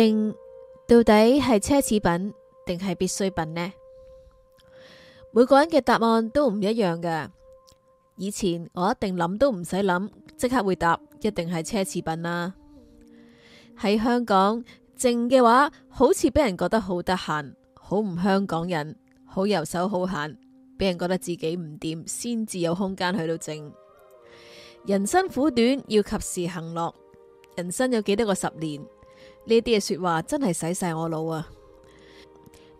靜到底係奢侈品定係必需品呢？每個人嘅答案都唔一樣㗎。以前我一定諗都唔使諗，即刻回答，一定係奢侈品啦。喺香港，靜嘅話好似俾人覺得好得閒，好唔香港人，好遊手好閒，俾人覺得自己唔掂，先至有空間去到靜。人生苦短，要及時行樂。人生有幾多個十年？呢啲嘅說話真係使晒我腦啊！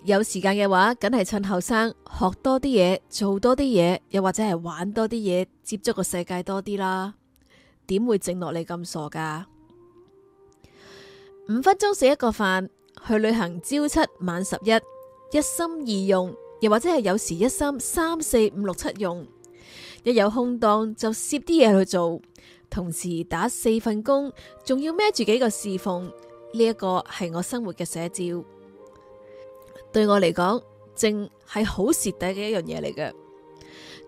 有時間嘅話，梗係趁後生學多啲嘢，做多啲嘢，又或者係玩多啲嘢，接觸個世界多啲啦。點會整落你咁傻噶？五分鐘食一個飯去旅行，朝七晚十一，一心二用，又或者係有時一心三四五六七用。一有空檔就攝啲嘢去做，同時打四份工，仲要孭住幾個侍奉。呢一個係我生活嘅寫照，對我嚟講，靜係好蝕底嘅一樣嘢嚟嘅，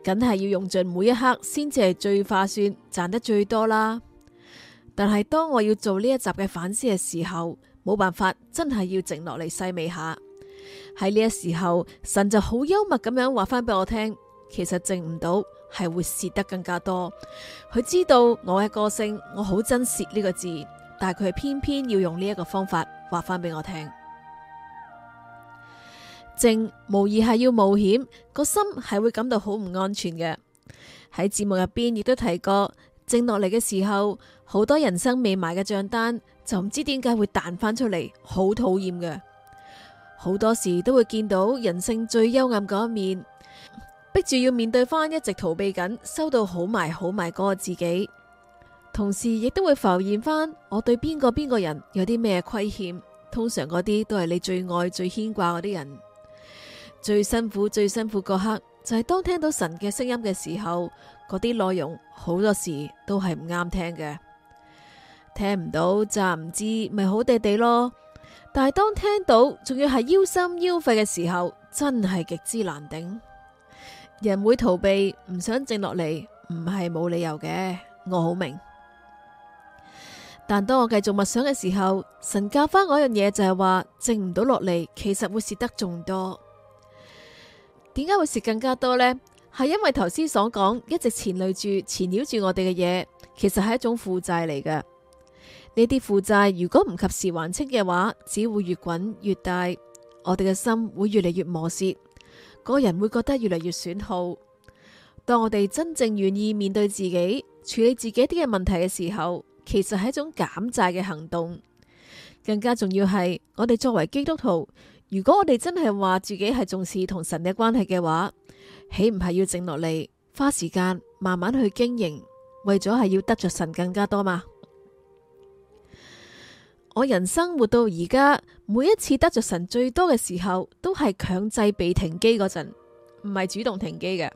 梗係要用盡每一刻，先至係最划算、賺得最多啦。但係當我要做呢一集嘅反思嘅時候，冇辦法，真係要靜落嚟細味下。喺呢一時候，神就好幽默咁樣話翻俾我聽，其實靜唔到，係會蝕得更加多。佢知道我嘅個性，我好憎蝕呢個字。但係佢偏偏要用呢一個方法話返俾我聽，靜無疑係要冒險，個心係會感到好唔安全嘅。喺節目入邊亦都提過，靜落嚟嘅時候，好多人生未埋嘅賬單就唔知點解會彈翻出嚟，好討厭嘅。好多時都會見到人性最幽暗嗰一面，逼住要面對翻一直逃避緊、收到好埋好埋嗰個自己。同時亦都會浮現翻我對邊個邊個人有啲咩虧欠，通常嗰啲都係你最愛最牽掛嗰啲人，最辛苦最辛苦嗰刻就係當聽到神嘅聲音嘅時候，嗰啲內容好多時都係唔啱聽嘅，聽唔到詐唔知，咪好地地咯。但係當聽到仲要係腰心腰肺嘅時候，真係極之難頂，人會逃避唔想靜落嚟，唔係冇理由嘅，我好明。但當我繼續默想嘅時候，神教翻我一樣嘢，就係話靜唔到落嚟，其實會蝕得仲多。點解會蝕更加多呢？係因為頭先所講一直纏累住、纏繞住我哋嘅嘢，其實係一種負債嚟嘅。呢啲負債如果唔及時還清嘅話，只會越滾越大。我哋嘅心會越嚟越磨蝕，個人會覺得越嚟越損耗。當我哋真正願意面對自己、處理自己啲嘅問題嘅時候。其實係一種減債嘅行動，更加重要係我哋作為基督徒，如果我哋真係話自己係重視同神嘅關係嘅話，豈唔係要靜落嚟，花時間慢慢去經營，為咗係要得着神更加多嘛？我人生活到而家，每一次得着神最多嘅時候，都係強制被停機嗰陣，唔係主動停機嘅。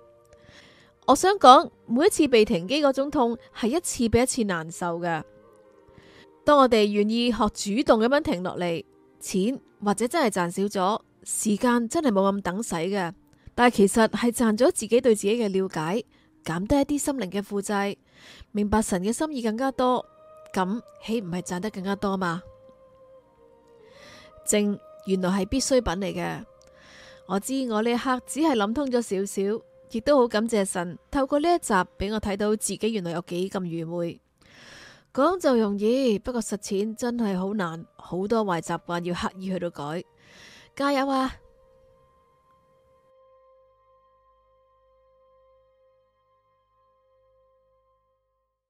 我想講，每一次被停機嗰種痛係一次比一次難受嘅。當我哋願意學主動咁樣停落嚟，錢或者真係賺少咗，時間真係冇咁等使嘅。但係其實係賺咗自己對自己嘅了解，減低一啲心靈嘅負債，明白神嘅心意更加多，咁豈唔係賺得更加多嘛？靜原來係必需品嚟嘅。我知我呢一刻只係諗通咗少少。亦都好感謝神，透過呢一集俾我睇到自己原來有幾咁愚昧，講就容易，不過實踐真係好難，好多壞習慣要刻意去到改，加油啊！